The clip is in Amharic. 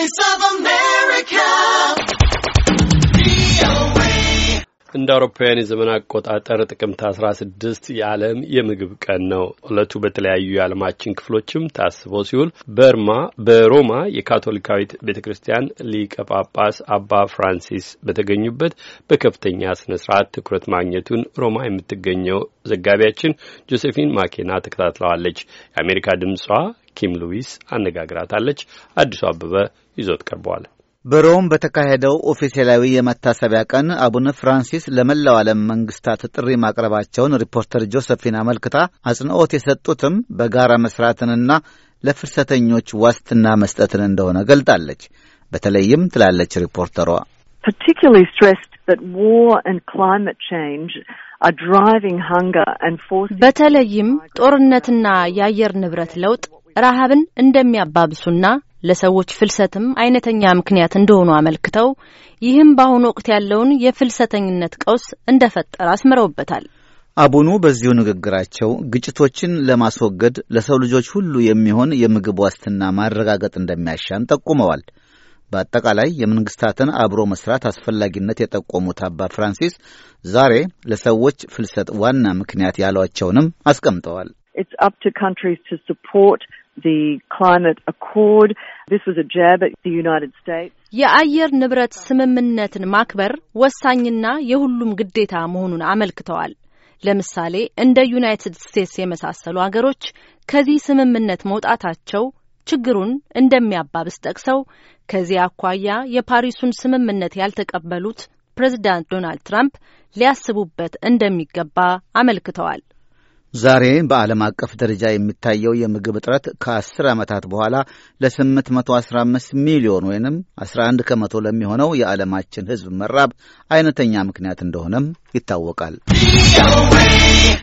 Voice of America. እንደ አውሮፓውያን የዘመን አቆጣጠር ጥቅምት 16 የዓለም የምግብ ቀን ነው። ሁለቱ በተለያዩ የዓለማችን ክፍሎችም ታስቦ ሲውል በርማ በሮማ የካቶሊካዊት ቤተ ክርስቲያን ሊቀ ጳጳስ አባ ፍራንሲስ በተገኙበት በከፍተኛ ስነ ስርዓት ትኩረት ማግኘቱን ሮማ የምትገኘው ዘጋቢያችን ጆሴፊን ማኬና ተከታትለዋለች። የአሜሪካ ድምጿ ኪም ሉዊስ አነጋግራታለች። አዲሱ አበበ ይዞት ቀርበዋል። በሮም በተካሄደው ኦፊሴላዊ የመታሰቢያ ቀን አቡነ ፍራንሲስ ለመላው ዓለም መንግስታት ጥሪ ማቅረባቸውን ሪፖርተር ጆሰፊን አመልክታ አጽንኦት የሰጡትም በጋራ መስራትንና ለፍልሰተኞች ዋስትና መስጠትን እንደሆነ ገልጣለች። በተለይም ትላለች ሪፖርተሯ በተለይም ጦርነትና የአየር ንብረት ለውጥ ረሃብን እንደሚያባብሱና ለሰዎች ፍልሰትም አይነተኛ ምክንያት እንደሆኑ አመልክተው ይህም በአሁኑ ወቅት ያለውን የፍልሰተኝነት ቀውስ እንደፈጠረ አስምረውበታል። አቡኑ በዚሁ ንግግራቸው ግጭቶችን ለማስወገድ ለሰው ልጆች ሁሉ የሚሆን የምግብ ዋስትና ማረጋገጥ እንደሚያሻን ጠቁመዋል። በአጠቃላይ የመንግስታትን አብሮ መስራት አስፈላጊነት የጠቆሙት አባ ፍራንሲስ ዛሬ ለሰዎች ፍልሰት ዋና ምክንያት ያሏቸውንም አስቀምጠዋል። It's up to countries to support the climate accord. This was a jab at the United States. የአየር ንብረት ስምምነትን ማክበር ወሳኝና የሁሉም ግዴታ መሆኑን አመልክተዋል። ለምሳሌ እንደ ዩናይትድ ስቴትስ የመሳሰሉ አገሮች ከዚህ ስምምነት መውጣታቸው ችግሩን እንደሚያባብስ ጠቅሰው ከዚህ አኳያ የፓሪሱን ስምምነት ያልተቀበሉት ፕሬዚዳንት ዶናልድ ትራምፕ ሊያስቡበት እንደሚገባ አመልክተዋል። ዛሬ በዓለም አቀፍ ደረጃ የሚታየው የምግብ እጥረት ከአስር ዓመታት በኋላ ለ815 ሚሊዮን ወይንም 11 ከመቶ ለሚሆነው የዓለማችን ሕዝብ መራብ አይነተኛ ምክንያት እንደሆነም ይታወቃል።